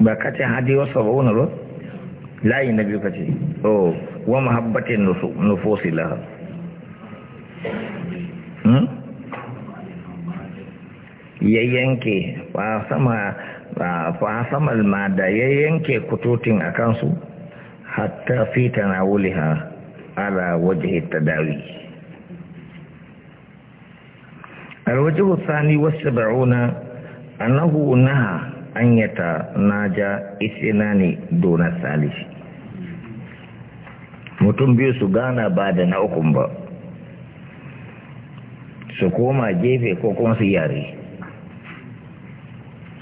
ba ka ce hadi wasu ba wani ba layi na biyu ka ce o wa mahabbatin nufosi laha hmm? ya yanke ba sama fa sama almada ya yanke kutotin a kansu hatta fi tanawuliha ala wajhi tadawi الوجه الثاني والسبعون أنه نهى an yata isina ne donar salisi mutum biyu su gana ba da na ukun ba su koma gefe ko kuma su yare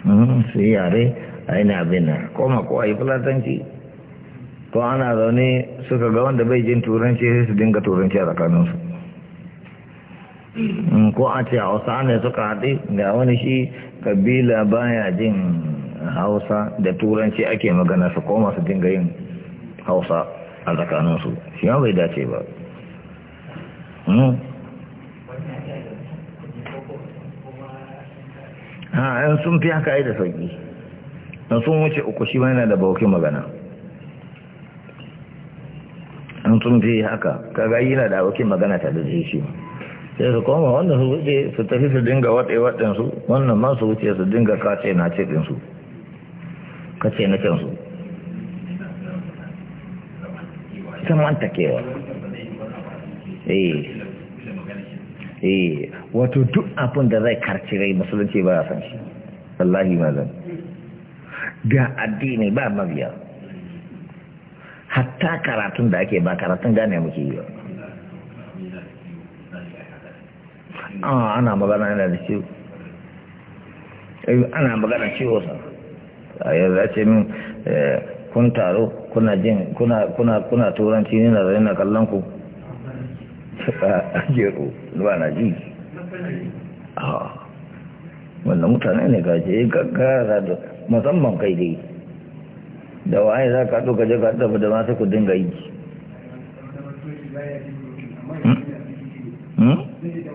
hmm, su yare a ina abin koma ko a yi fulatanci ko ana zaune suka ga wanda bai jin turanci sai su dinga turanci a tsakaninsu hmm, ko a ce a wasu ne suka haɗe ga wani shi kabila baya jin hausa da turanci ake magana su koma su dinga yin hausa a tsakaninsu shi bai dace ba hmm? ha yan sun fi haka da sauki na sun wuce uku shi yana da bauki magana an sun fi haka kaga na da abokin magana ta da shi sai su koma wannan su wuce su tafi su dinga waɗe waɗansu wannan man su wuce su dinga kace na ce ɗinsu kace na cansu kewa eh eh wato duk abin da zai karci rai musulunci ba a san shi wallahi mazan ga addini ba mabiya hatta karatun da ake ba karatun gane muke yi ba Ah, ana magana yana da ciwo eh, ana magana ciwo sa a yanzu ce min eh, kun taro kuna jin kuna kuna turanci ne na zai na kallon ku a jero zuwa na ji a ah, mutane ne gaje gaggara da musamman kai dai da waye za ka ɗauka je ka ɗaba da masu ku dinga yi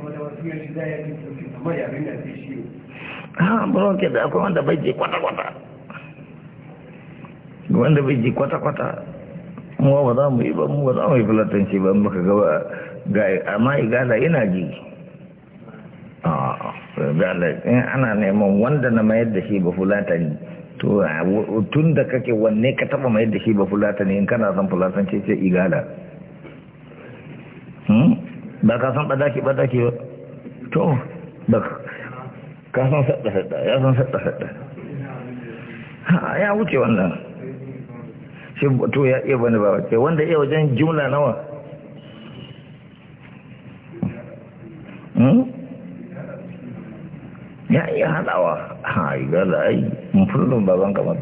ha ah, buron ke da akwai wanda bai je kwata-kwata wanda bai je kwata-kwata muwa ba za mu yi ba mu ba za mu yi filatanci ba muka gaba ga amma igala ina ji a igala ah, eh, ana neman wanda na mayar da shi ba fulatani to tun da kake wanne ka taba mayar da shi ba fulatani in kana son fulatanci ce igala hmm? ba ka san ɓadaki ɓadaki ba to ba ka san saɗa-saɗa ya san saɗa-saɗa ya wuce wannan shi to ya iya bane ba wace wanda iya wajen jumla nawa hmm? ya iya haɗawa ha igala ai mfullun baban kamar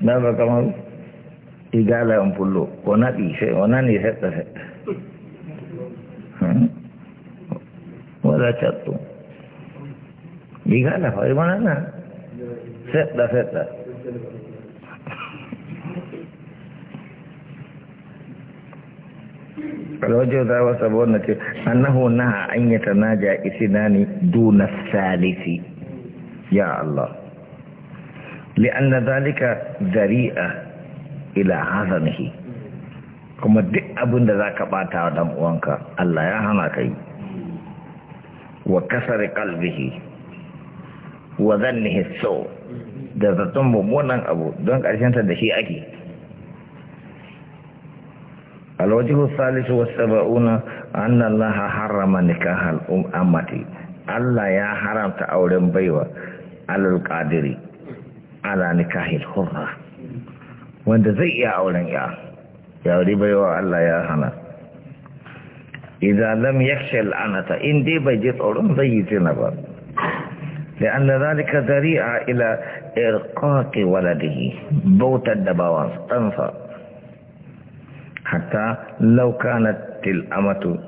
na ba kamar igala mfullo wana ɗi sai wana ne saɗa-saɗa scoraggiato dica la fai banana setta setta na ce, Annahu na an yi tanaja isinani duna salisi, ya Allah. لأن ذلك ذريئة إلى عظمه kuma duk abin da za ka ɓata dan uwanka Allah ya hana ka wa kasar kalbihi wa zannihi sau da zaton mummunan abu don ƙarshenta da shi ake alwajihu salisu wasu saba'una an Allah harama nikahal ummati Allah ya haramta auren baiwa alal qadiri ala nikahil hurra wanda zai iya auren ya ya baiwa Allah ya hana إذا لم يخشى العنة إن دي بيجي طولون ضيتنا بار لأن ذلك ذريعة إلى إرقاق ولده بوت الدبوان تنفى حتى لو كانت الأمة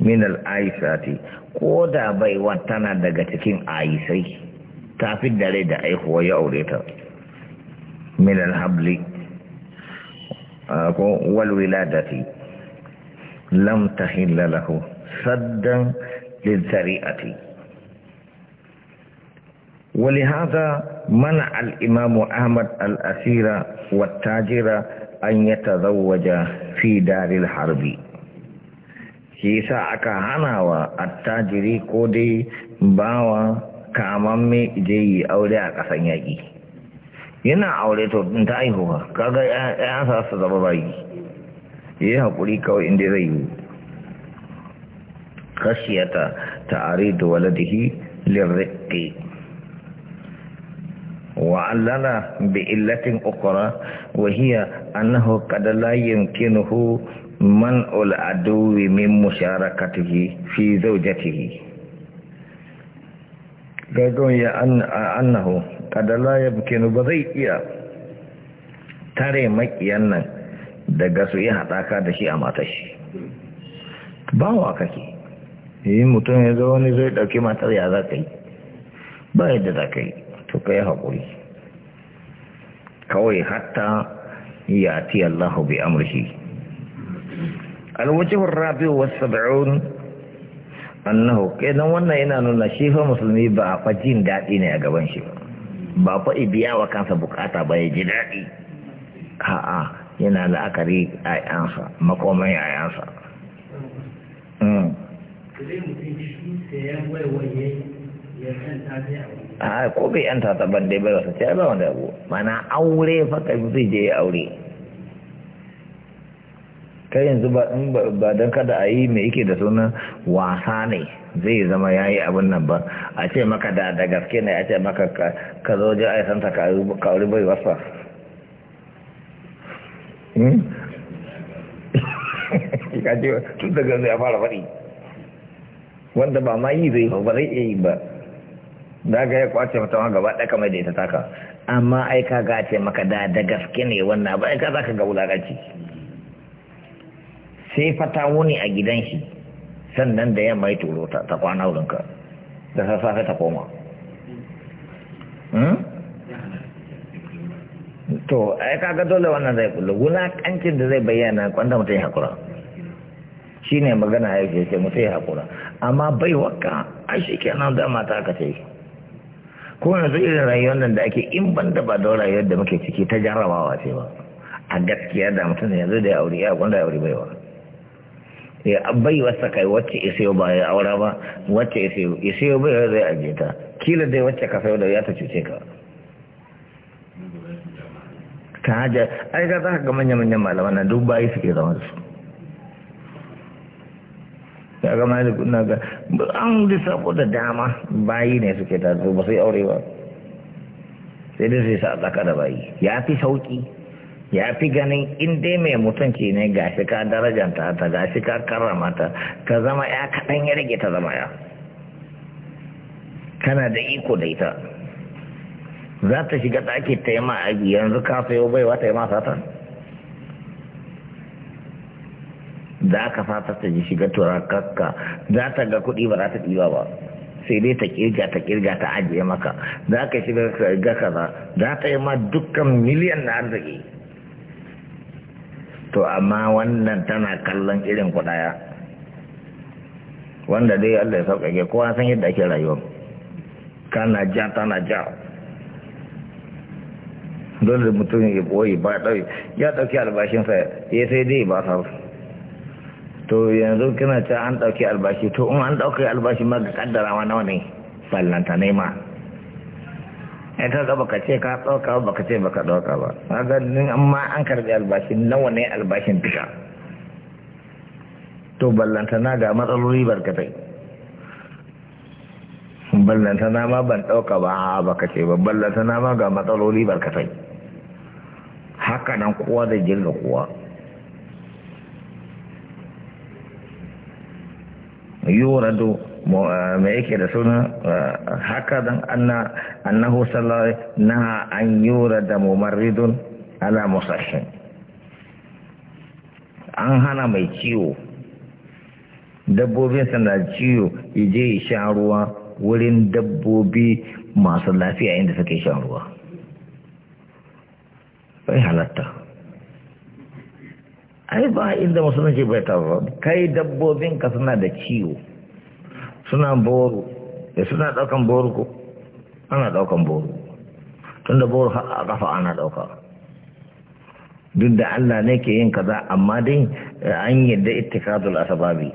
من الآيسات قودا وطنا دقتكين آيسي تافي الدليل دعيه ويأوليتا من الهبل والولادة لم تحل له سدا للذريعة ولهذا منع الإمام أحمد الأسير والتاجر أن يتزوج في دار الحرب shi yasa aka hana wa attajiri ko dai bawa kamamme je yi aure a ƙasan yaƙi yana aure to ta aihuwa kaga 'ya'yansa su zama bayi yi haƙuri kawai inda zai yi da ta'aridu waladihi lirriqi wa allala bi illatin ukhra wa hau annahu qad la man man'ul aduwi min musharakatihi fi zawjatihi gagon ya annahu kada layin kinu ba zai iya tare makiyan nan daga su yi haɗaka da shi a mata shi. ba wa kake yi eh, mutum ya zo wani zai ɗauki matar ya za ka yi ba yadda za ka yi to ka yi haƙuri kawai hatta ya ti Allahu bi amurshi alwajihun rabi wasu annahu kenan wannan yana nuna shi fa musulmi ba a fa jin daɗi ne a gaban shi ba ba fa ibiya wa kansa bukata ba ya ji daɗi ha'a. yana la'akari a yansa makomai a yansa hmm. a ko bai yanta ta ban dai bai wasa ce ba wanda abu mana aure faka zai je aure kai yanzu ba don kada a yi mai yake da sunan wasa ne zai zama ya yi abin nan ba a ce maka da gaske ne a ce maka ka zo je a yi santa ka aure bai wasa Hmm? tun daga ya fara wanda ba ma yi zai ba zai iya yi ba da ga ya kwace mata gaba ɗaka mai da ita taka amma ai ka ga ce maka da da gaske ne wannan ba ai ka zaka ga wulaƙaci sai fata wuni a gidan shi sannan da yamma ya turo ta kwana wurinka da sassafe ta koma to ai kaga dole wannan zai kullu wulakancin da zai bayyana kwanda mutum ya hakura shine magana ya ce mutum ya hakura amma bai waka ai nan da mata aka ce ko yanzu irin rayuwar nan da ake in ban da ba da rayuwar da muke ciki ta jarrabawa ce ba a gaskiya da mutum yanzu da ya aure ya kwanda ya aure baiwa ya abai wasa kai wacce isiyo ba ya aura ba wacce isiyo isiyo bai zai aje ta kila dai wacce ka sayo da ya ta cuce ka ta haja ai ga za ka ga manya-manyan malaman na duk bayi suke zama su ya ga maliku na ga an lissafo da dama bayi ne suke ta ba sai aure ba sai dai sai sa tsaka da bayi ya fi sauki ya fi ganin in dai mai mutunci ne ga shi ka darajanta ta ga shi ka karrama ta ka zama ya kaɗan ya rage ta zama ya kana da iko da ita za ta shiga ɗaki ta yi ma'aji yanzu ka sayo baiwa ta yi ma sata za ka sata ta ji shiga turakakka za ta ga kuɗi ba za ta ɗiba ba sai dai ta kirga ta kirga ta ajiye maka za ka shiga ga kaza za ta yi ma dukkan miliyan na arziki to amma wannan tana kallon irin kuɗaya wanda dai Allah ya sauƙaƙe kowa san yadda ake rayuwa kana ja tana ja dole mutum ya boye ba ɗauki ya ɗauki albashinsa ya eh, sai dai ba sa to yanzu kina ce an ɗauki albashi to in an ɗauki albashi ma ga kaddarawa nawa ne ballanta ne ma in eh, ka ba ka ce ka ɗauka ba ka ce ba ka ɗauka ba kaga in amma an karɓi albashi nawa ne albashin duka to ballanta na ga matsaloli barkatai ballanta na ma ban ɗauka ba a baka ce ba ballanta na ma ga matsaloli barkatai haka nan kowa zai jirga kowa yuradu mai eh, yake da suna eh, haka don annahu sallallahu na an da mumarridun ala musashin an hana mai ciwo dabbobinsa na ciwo ije sha ruwa wurin dabbobi masu lafiya inda suke shan ruwa bai halatta ai ba inda musulunci bai taro kai dabbobin ka suna da ciwo suna boro da eh, suna daukan boro ko ana daukan boro tunda boro a kafa ana dauka duk da Allah ne ke yin kaza amma dai eh, an yadda ittikadul asababi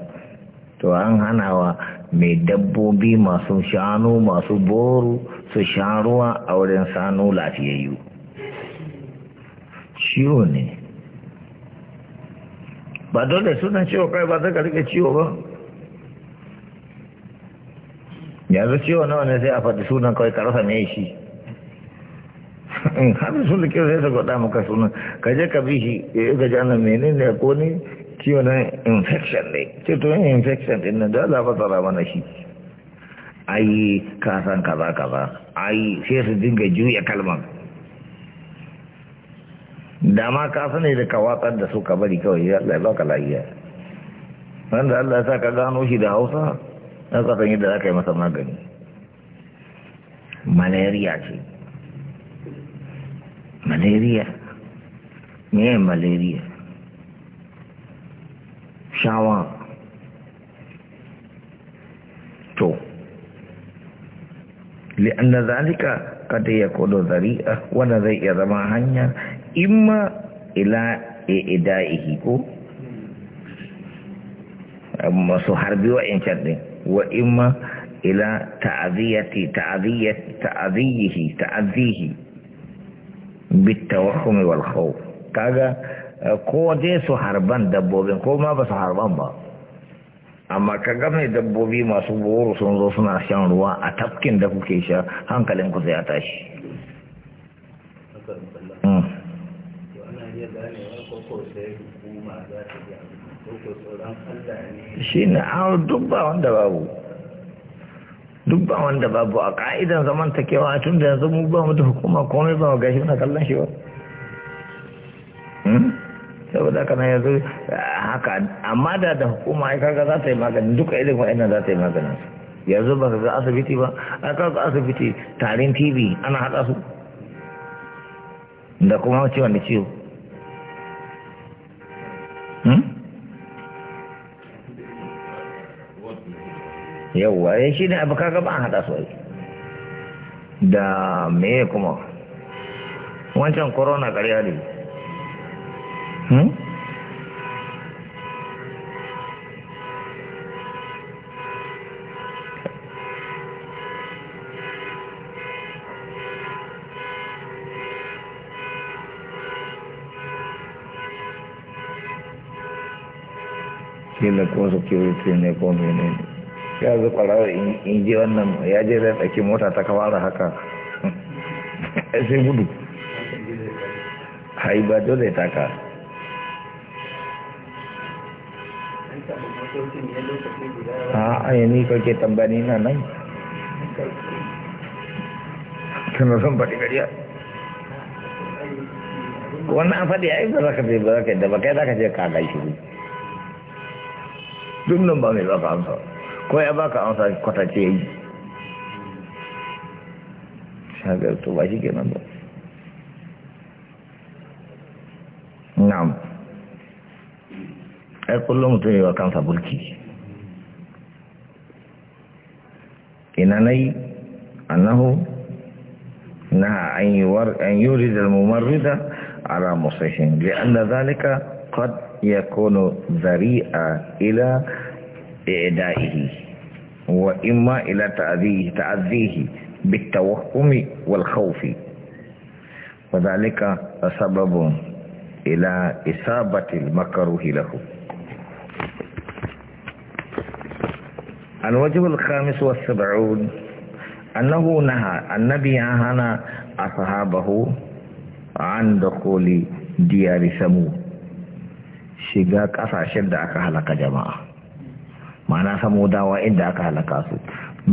to an hana wa mai dabbobi masu shanu masu boro su sha ruwa a wurin sanu lafiyayyu ciwo ne ba dole sunan ciwo kai ba zaka rike ciwo ba yanzu ciwo nawa ne sai a faɗi sunan kawai karasa me shi in haɗu sun da kyau sai ta gwada maka sunan ka je ka bi shi ya gaji ana ne ko ne ciwo na infection ne ce to yin infection din nan da za tsara mana shi -Ayi kasan kaza kaza Ayi sai su dinga juya kalmar Dama ka sani da ka watsar da su ka bari kawai ya Allah ya baka lafiya wanda Allah ya sa ka gano shi da Hausa na kasan yadda za ka yi masa magani malaria ce malaria me malaria shawa to li'anna zalika kada ya kodo zari'a wanda zai iya zama hanya imma ila ida'ihi ko masu harbi wa'incan ɗin wa imma ila ta'aziyati ta'aziyihi ta'azihi bitawahumi wal khawf kaga eh, ko dai su harban dabbobin ko ma ba su harban ba amma ka game dabbobi masu boro sun zo suna shan ruwa a tafkin da kuke sha hankalin ku sai a tashi iya ganewa sai hukuma za ta tsoron Allah ne shi ne a duk ba wanda babu duk ba wanda babu a ka'idan zamantakewa tun da yanzu mu ba mu da hukuma komai ba gashi na kallon shi ba hmm? saboda haka na yanzu eh, haka amma da da hukuma ai kaga za ta yi magani duka irin wa'annan za ta yi magani yanzu ba ka ga asibiti ba ai kaga asibiti tarin tv ana haɗa su da kuma ciwon da ciwo yawwa ya eh, shi ne abu kaga ba an haɗa su ai da me kuma wancan corona ƙarya ne kila hmm? ko security ne ko ne. ya zo ƙwararra in wannan ya je zai tsaki mota ta kawara haka sai gudu hai ba dole taka a ah, yi ni kake tambani na nan kana son faɗi gariya wannan an faɗi ai ba za ka ba za ka da ba kai za ka je ka gaishe duk nan ba mai ba ka amsa ko ya baka amsa kwatance yi shagar to ba shi kenan ba na'am ai kullum mutum yi wa kansa bulki ina na yi annahu na an yuri da mumarrida ala musashin li'anna zalika qad yakunu zari'a ila إعدائه وإما إلى تأذيه تأذيه بالتوهم والخوف وذلك سبب إلى إصابة المكروه له الوجه الخامس والسبعون أنه نهى النبي هنا أصحابه عن دخول ديار ثمود شقاق أفعشد أكهلك جماعه mana dawa inda aka halaka su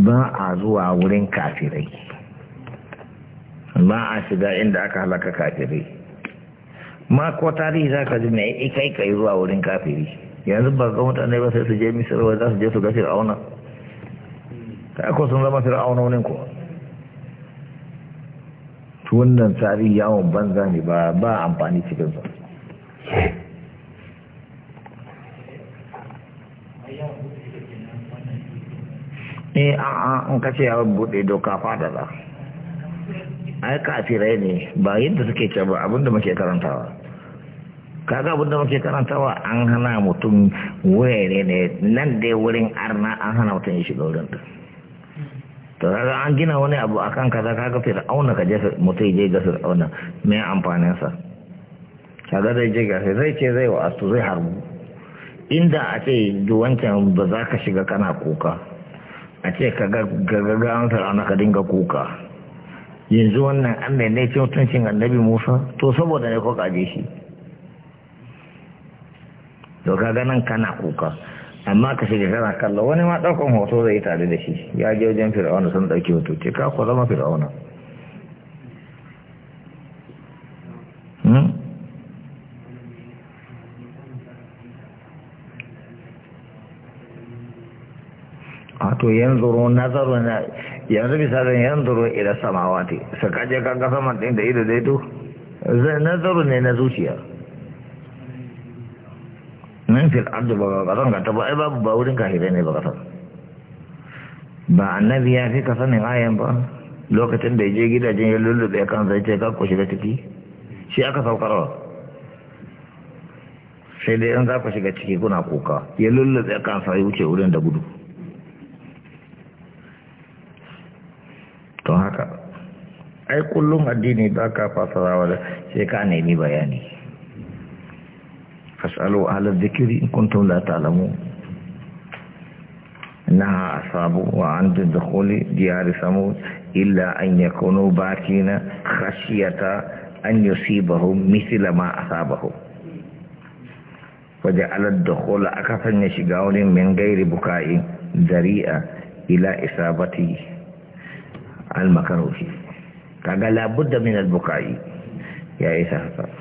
ba a zuwa wurin kafirai ba a shiga inda aka halaka kafirai ma ko tarihi za ka ji na ya kai kai zuwa wurin kafiri yanzu ba ga mutane ba sai su je misir wai za su je su ga fir'auna ta ko sun zama fir'auna wani ko wannan tarihi yawon banza ne ba amfani cikinsa eh a a in kace ya bude doka fada ba ai kafirai ne ba yadda suke ce ba abinda muke karantawa kaga abinda muke karantawa an hana mutum wurare ne nan dai wurin arna an hana mutum ya shiga wurin to kaga an gina wani abu akan kaza kaga fir'auna ka je mutum je ga fir'auna me amfanin sa kaga zai je ga zai ce zai wa zai harbu inda a ce duwancan ba za ka shiga kana kuka a ce ka gaggaga ka dinga kuka yanzu wannan an da ne cin mutuncin annabi musa to saboda ne kuka kaje shi to ka nan kana kuka amma ka shiga kana kalla wani ma daukan hoto zai yi tare da shi ya je wajen fir'auna sun dauki hoto ce ka ko zama fir'auna wato yanzuru nazaru na yanzu misalin yanzuru ila samawati saka je kan ga saman din da ido daito nazaru ne na zuciya min fil ardi ba ga zan ta ba ai babu ba wurin hire ne ba ka ba annabi ya fi ka sanin ayan ba lokacin da je gidajen ya lullube kan zai ce ka ku shiga ciki shi aka saukarwa sai dai in za ku shiga ciki kuna kuka ya lullube kan ya wuce wurin da gudu ai kullum addini ba ka fasarawa da sai ka nemi bayani fasalu ala zikiri in kuntum la ta'lamu naha asabu wa an tadkhuli diyar samud illa an yakunu bakina khashiyata an yusibahum mithla ma asabahum waje alad dukhul aka sanya shiga wurin min gairi bukai dari'a ila isabati al makaruhi kaga labudda min albukai ya isa haka